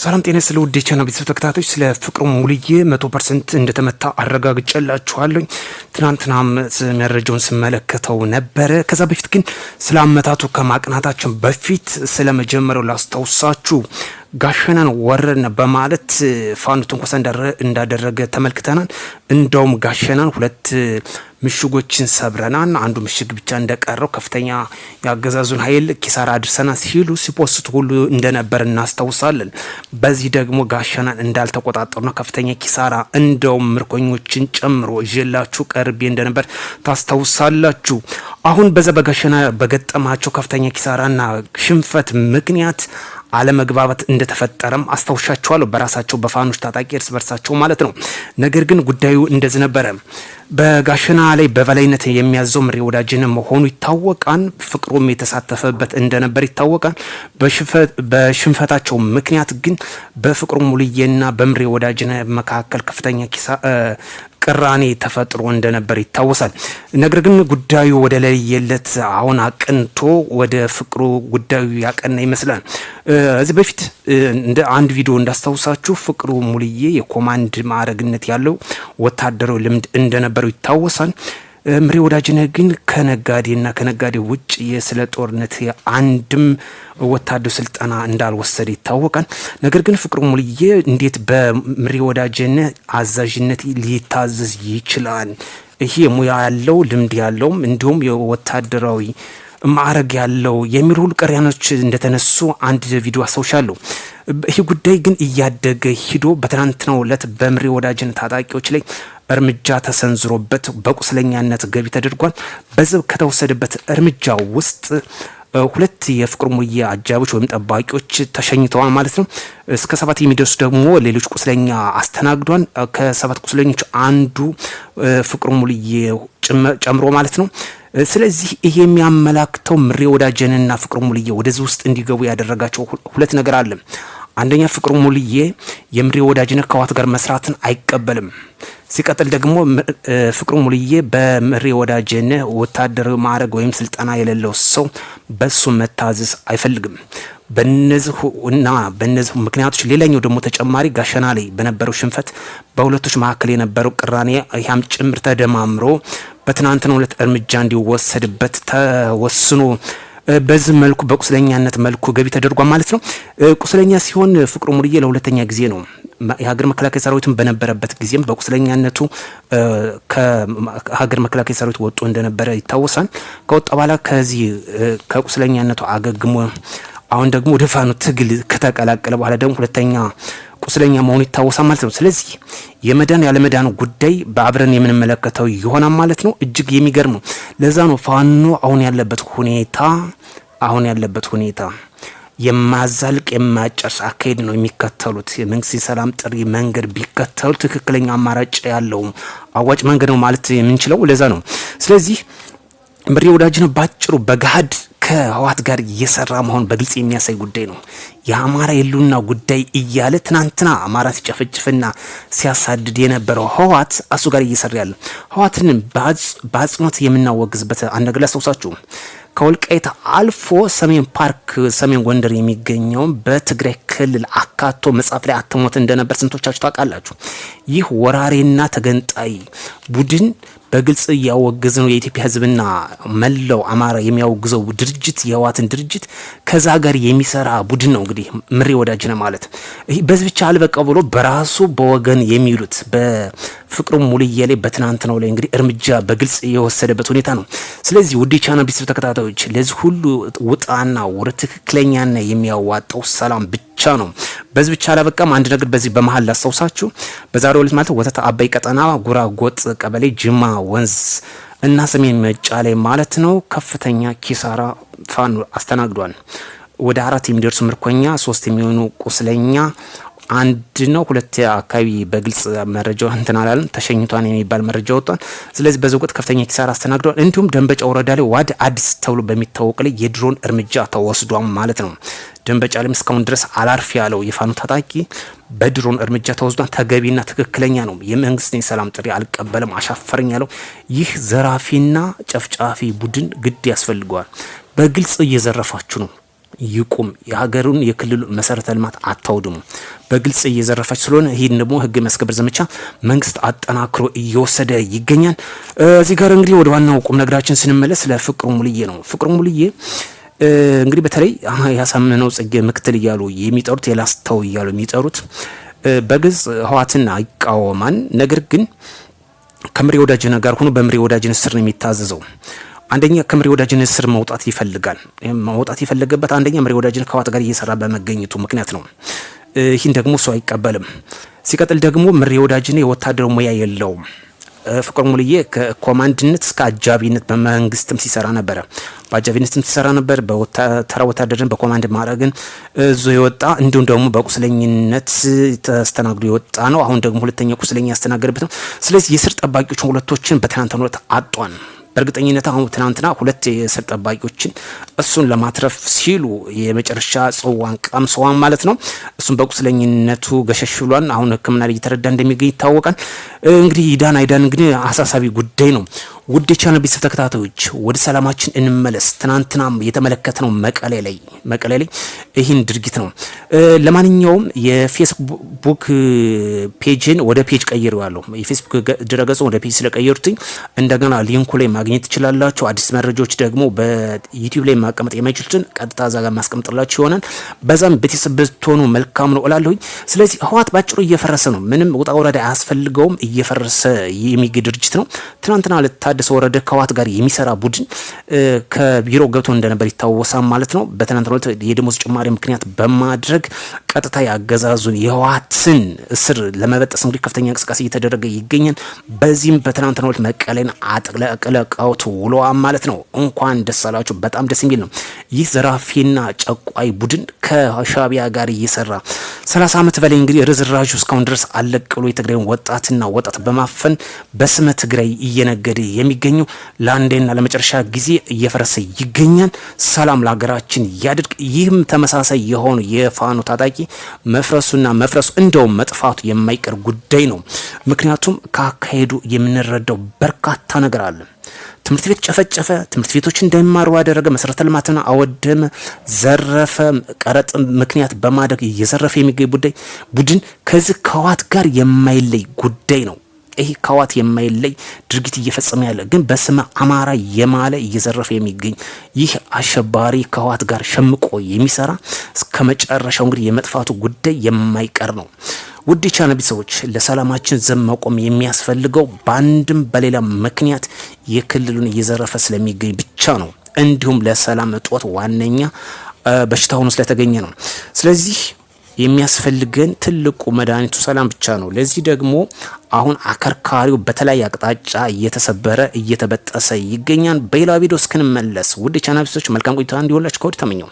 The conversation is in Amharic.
ሰላም ጤና ስለ ውድ የቻናል ቤተሰብ ተከታታዮች ስለ ፍቅሩ ሙልዬ መቶ ፐርሰንት እንደተመታ አረጋግጬላችኋለሁ። ትናንትናም መረጃውን ስመለከተው ነበረ። ከዛ በፊት ግን ስለ አመታቱ ከማቅናታችን በፊት ስለ መጀመሪያው ላስታውሳችሁ። ጋሸናን ወረድን በማለት ፋኑ ትንኮሳ እንዳደረገ ተመልክተናል። እንደውም ጋሸናን ሁለት ምሽጎችን ሰብረናን አንዱ ምሽግ ብቻ እንደቀረው ከፍተኛ የአገዛዙን ኃይል ኪሳራ አድርሰና ሲሉ ሲፖስት ሁሉ እንደነበር እናስታውሳለን። በዚህ ደግሞ ጋሸናን ነው ከፍተኛ ኪሳራ እንደውም ምርኮኞችን ጨምሮ ይዤላችሁ ቀርቤ እንደነበር ታስታውሳላችሁ። አሁን በዛ በጋሸና በገጠማቸው ከፍተኛ ኪሳራና ሽንፈት ምክንያት አለመግባባት እንደተፈጠረም አስታውሻቸዋለሁ። በራሳቸው በፋኖች ታጣቂ እርስ በርሳቸው ማለት ነው። ነገር ግን ጉዳዩ እንደዚህ ነበረ። በጋሸና ላይ በበላይነት የሚያዘው ምሬ ወዳጅን መሆኑ ይታወቃል። ፍቅሩም የተሳተፈበት እንደነበር ይታወቃል። በሽንፈታቸው ምክንያት ግን በፍቅሩ ሙልዬና በምሬ ወዳጅን መካከል ከፍተኛ ቅራኔ ተፈጥሮ እንደነበር ይታወሳል። ነገር ግን ጉዳዩ ወደ ለየለት አሁን አቅንቶ ወደ ፍቅሩ ጉዳዩ ያቀና ይመስላል። እዚህ በፊት እንደ አንድ ቪዲዮ እንዳስታውሳችሁ ፍቅሩ ሙልዬ የኮማንድ ማዕረግነት ያለው ወታደራዊ ልምድ እንደነበረው ይታወሳል። ምሪ ወዳጅነህ ግን ከነጋዴና ከነጋዴ ውጭ የስለ ጦርነት አንድም ወታደር ስልጠና እንዳልወሰደ ይታወቃል። ነገር ግን ፍቅሩ ሙልዬ እንዴት በምሪ ወዳጅነህ አዛዥነት ሊታዘዝ ይችላል? ይሄ ሙያ ያለው ልምድ ያለውም እንዲሁም የወታደራዊ ማዕረግ ያለው የሚሉ ሁሉ ቀሪያኖች እንደተነሱ አንድ ቪዲዮ አስታውሻለሁ። ይህ ጉዳይ ግን እያደገ ሂዶ በትናንትናው ዕለት በምሪ ወዳጅነህ ታጣቂዎች ላይ እርምጃ ተሰንዝሮበት በቁስለኛነት ገቢ ተደርጓል። በዚህ ከተወሰደበት እርምጃ ውስጥ ሁለት የፍቅር ሙዬ አጃቢዎች ወይም ጠባቂዎች ተሸኝተዋል ማለት ነው። እስከ ሰባት የሚደርሱ ደግሞ ሌሎች ቁስለኛ አስተናግዷል። ከሰባት ቁስለኞች አንዱ ፍቅር ሙልዬ ጨምሮ ማለት ነው። ስለዚህ ይሄ የሚያመላክተው ምሬ ወዳጀንና ፍቅር ሙልዬ ወደዚህ ውስጥ እንዲገቡ ያደረጋቸው ሁለት ነገር አለ። አንደኛ ፍቅር ሙልዬ የምሬ ወዳጅነት ከህወሓት ጋር መስራትን አይቀበልም። ሲቀጥል ደግሞ ፍቅሩ ሙልዬ በምሪ ወዳጄነህ ወታደራዊ ማዕረግ ወይም ስልጠና የሌለው ሰው በሱ መታዘዝ አይፈልግም። በነዚህ እና በነዚህ ምክንያቶች ሌላኛው ደግሞ ተጨማሪ ጋሸና ላይ በነበረው ሽንፈት በሁለቶች መካከል የነበረው ቅራኔ ያም ጭምር ተደማምሮ በትናንትናው ዕለት እርምጃ እንዲወሰድበት ተወስኖ በዚህ መልኩ በቁስለኛነት መልኩ ገቢ ተደርጓል ማለት ነው። ቁስለኛ ሲሆን ፍቅሩ ሙልዬ ለሁለተኛ ጊዜ ነው የሀገር መከላከያ ሰራዊትን በነበረበት ጊዜም በቁስለኛነቱ ከሀገር መከላከያ ሰራዊት ወጡ እንደነበረ ይታወሳል። ከወጣ በኋላ ከዚህ ከቁስለኛነቱ አገግሞ አሁን ደግሞ ወደ ፋኖ ትግል ከተቀላቀለ በኋላ ደግሞ ሁለተኛ ቁስለኛ መሆኑ ይታወሳል ማለት ነው። ስለዚህ የመዳን ያለመዳን ጉዳይ በአብረን የምንመለከተው ይሆናል ማለት ነው። እጅግ የሚገርም ነው። ለዛ ነው ፋኖ አሁን ያለበት ሁኔታ አሁን ያለበት ሁኔታ የማዛልቅ የማጨርስ አካሄድ ነው የሚከተሉት። የመንግስት የሰላም ጥሪ መንገድ ቢከተሉ ትክክለኛ አማራጭ ያለው አዋጭ መንገድ ነው ማለት የምንችለው ለዛ ነው። ስለዚህ ምሬ ወዳጅ ነው ባጭሩ በገሀድ ከህወሓት ጋር እየሰራ መሆን በግልጽ የሚያሳይ ጉዳይ ነው። የአማራ የሉና ጉዳይ እያለ ትናንትና አማራ ሲጨፈጭፍና ሲያሳድድ የነበረው ህወሓት እሱ ጋር እየሰራ ያለ ህወሓትንም በአጽንኦት የምናወግዝበት አንድ ነገር ላስታውሳችሁ። ከወልቃይት አልፎ ሰሜን ፓርክ ሰሜን ጎንደር የሚገኘውን በትግራይ ክልል አካቶ መጽሐፍ ላይ አትሞት እንደነበር ስንቶቻችሁ ታውቃላችሁ? ይህ ወራሪና ተገንጣይ ቡድን በግልጽ እያወገዝ ነው። የኢትዮጵያ ህዝብና መላው አማራ የሚያወግዘው ድርጅት የህወሓትን ድርጅት ከዛ ጋር የሚሰራ ቡድን ነው። እንግዲህ ምሬ ወዳጅ ነው ማለት በዚህ ብቻ አልበቃ ብሎ በራሱ በወገን የሚሉት በፍቅሩ ሙልዬ ላይ በትናንት ነው ላይ እንግዲህ እርምጃ በግልጽ የወሰደበት ሁኔታ ነው። ስለዚህ ውድ ቻና ቤተሰብ ተከታታዮች ለዚህ ሁሉ ውጣና ወደ ትክክለኛና የሚያዋጣው ሰላም ብቻ ብቻ ነው። በዚህ ብቻ አላበቃም። አንድ ነገር በዚህ በመሀል ላስታውሳችሁ። በዛሬው ዕለት ማለት ወተት አባይ ቀጠና ጉራ ጎጥ ቀበሌ ጅማ ወንዝ እና ሰሜን መጫ ላይ ማለት ነው ከፍተኛ ኪሳራ ፋኑ አስተናግዷል። ወደ አራት የሚደርሱ ምርኮኛ፣ ሶስት የሚሆኑ ቁስለኛ አንድ ነው ሁለት አካባቢ በግልጽ መረጃ እንትን አላለም ተሸኝቷን የሚባል መረጃ ወጥቷል። ስለዚህ በዚህ ወቅት ከፍተኛ ኪሳራ አስተናግደዋል። እንዲሁም ደንበጫ ወረዳ ላይ ዋድ አዲስ ተብሎ በሚታወቅ ላይ የድሮን እርምጃ ተወስዷል ማለት ነው። ደንበጫ እስካሁን ድረስ አላርፍ ያለው የፋኖ ታጣቂ በድሮን እርምጃ ተወስዷል። ተገቢና ትክክለኛ ነው። የመንግስትን የሰላም ጥሪ አልቀበልም፣ አሻፈረኝ ያለው ይህ ዘራፊና ጨፍጫፊ ቡድን ግድ ያስፈልገዋል። በግልጽ እየዘረፋችሁ ነው፣ ይቁም። የሀገሩን የክልሉ መሰረተ ልማት አታውድሙ። በግልጽ እየዘረፋችሁ ስለሆነ ይህን ደግሞ ህግ የሚያስከብር ዘመቻ መንግስት አጠናክሮ እየወሰደ ይገኛል። እዚህ ጋር እንግዲህ ወደ ዋናው ቁም ነገራችን ስንመለስ ለፍቅሩ ሙልዬ ነው። ፍቅሩ ሙልዬ እንግዲህ በተለይ ያሳምነው ጽጌ ምክትል እያሉ የሚጠሩት የላስተው እያሉ የሚጠሩት በግልጽ ህዋትን አይቃወማን፣ ነገር ግን ከምሬ ወዳጅነ ጋር ሆኖ በምሬ ወዳጅን ስር ነው የሚታዘዘው። አንደኛ ከምሬ ወዳጅን ስር መውጣት ይፈልጋል። መውጣት የፈለገበት አንደኛ ምሬ ወዳጅነ ከዋት ጋር እየሰራ በመገኘቱ ምክንያት ነው። ይህን ደግሞ ሰው አይቀበልም። ሲቀጥል ደግሞ ምሬ ወዳጅነ የወታደር ሙያ የለውም። ፍቅር ሙልዬ ከኮማንድነት እስከ አጃቢነት በመንግስትም ሲሰራ ነበረ። በአጃቢነትም ሲሰራ ነበር። ተራ ወታደርን በኮማንድ ማድረግን እዞ የወጣ እንዲሁም ደግሞ በቁስለኝነት ተስተናግዶ የወጣ ነው። አሁን ደግሞ ሁለተኛ ቁስለኛ ያስተናገደበት ነው። ስለዚህ የስር ጠባቂዎችን ሁለቶችን በትናንትናው ዕለት አጧን በእርግጠኝነት አሁን ትናንትና ሁለት የስር ጠባቂዎችን እሱን ለማትረፍ ሲሉ የመጨረሻ ጽዋን ቀምሰዋን ማለት ነው። እሱም በቁስለኝነቱ ገሸሽ ብሏል። አሁን ሕክምና ላይ እየተረዳ እንደሚገኝ ይታወቃል። እንግዲህ ይዳን አይዳን ግን አሳሳቢ ጉዳይ ነው። ውድ የቻናል ቤተሰብ ተከታታዮች ወደ ሰላማችን እንመለስ። ትናንትናም የተመለከትነው መቀሌ ላይ መቀሌ ላይ ይህን ድርጊት ነው። ለማንኛውም የፌስቡክ ፔጅን ወደ ፔጅ ቀይሬዋለሁ። የፌስቡክ ድረገጽ ወደ ፔጅ ስለቀየሩትኝ እንደገና ሊንኩ ላይ ማግኘት ትችላላችሁ። አዲስ መረጃዎች ደግሞ በዩቲዩብ ላይ ማቀመጥ የማይችሉትን ቀጥታ እዛ ጋር ማስቀምጥላችሁ ይሆናል። በዛም ቤተሰብ ብትሆኑ መልካም ነው እላለሁኝ። ስለዚህ ህወሓት ባጭሩ እየፈረሰ ነው። ምንም ውጣ ውረድ አያስፈልገውም። እየፈረሰ የሚገኝ ድርጅት ነው። ትናንትና ልታ ታደሰ ወረደ ከዋት ጋር የሚሰራ ቡድን ከቢሮ ገብቶ እንደነበር ይታወሳል ማለት ነው። በትናንትናው ዕለት የደሞዝ ጭማሪ ምክንያት በማድረግ ቀጥታ ያገዛዙን የህወሓትን እስር ለመበጠስ እንግዲህ ከፍተኛ እንቅስቃሴ እየተደረገ ይገኛል። በዚህም በትናንትናው ዕለት መቀሌን አጥለቅልቀውት ውለዋል ማለት ነው። እንኳን ደስ አላችሁ። በጣም ደስ የሚል ነው። ይህ ዘራፊና ጨቋይ ቡድን ከሻቢያ ጋር እየሰራ ሰላሳ ዓመት በላይ እንግዲህ ርዝራዥ እስካሁን ድረስ አለቅሎ የትግራይን ወጣትና ወጣት በማፈን በስመ ትግራይ እየነገደ የሚገኘው ለአንዴና ለመጨረሻ ጊዜ እየፈረሰ ይገኛል። ሰላም ለሀገራችን ያድርግ። ይህም ተመሳሳይ የሆኑ የፋኖ ታጣቂ መፍረሱና መፍረሱ እንደውም መጥፋቱ የማይቀር ጉዳይ ነው። ምክንያቱም ከአካሄዱ የምንረዳው በርካታ ነገር አለ። ትምህርት ቤት ጨፈጨፈ፣ ትምህርት ቤቶች እንዳይማሩ አደረገ፣ መሰረተ ልማትን አወደመ፣ ዘረፈ። ቀረጥ ምክንያት በማድረግ እየዘረፈ የሚገኝ ጉዳይ ቡድን ከዚህ ከዋት ጋር የማይለይ ጉዳይ ነው። ይሄ ከዋት የማይለይ ድርጊት እየፈጸመ ያለ ግን በስመ አማራ የማለ እየዘረፈ የሚገኝ ይህ አሸባሪ ከዋት ጋር ሸምቆ የሚሰራ እስከ መጨረሻው እንግዲህ የመጥፋቱ ጉዳይ የማይቀር ነው። ውድ ቻናል ሰዎች ለሰላማችን ዘብ መቆም የሚያስፈልገው በአንድም በሌላ ምክንያት የክልሉን እየዘረፈ ስለሚገኝ ብቻ ነው። እንዲሁም ለሰላም እጦት ዋነኛ በሽታ ሆኖ ስለተገኘ ነው። ስለዚህ የሚያስፈልገን ትልቁ መድኃኒቱ ሰላም ብቻ ነው። ለዚህ ደግሞ አሁን አከርካሪው በተለያየ አቅጣጫ እየተሰበረ እየተበጠሰ ይገኛል። በሌላ ቪዲዮ እስክንመለስ ውድ ቻናቢሶች መልካም ቆይታ እንዲሆንላችሁ ከወድ ተመኘው።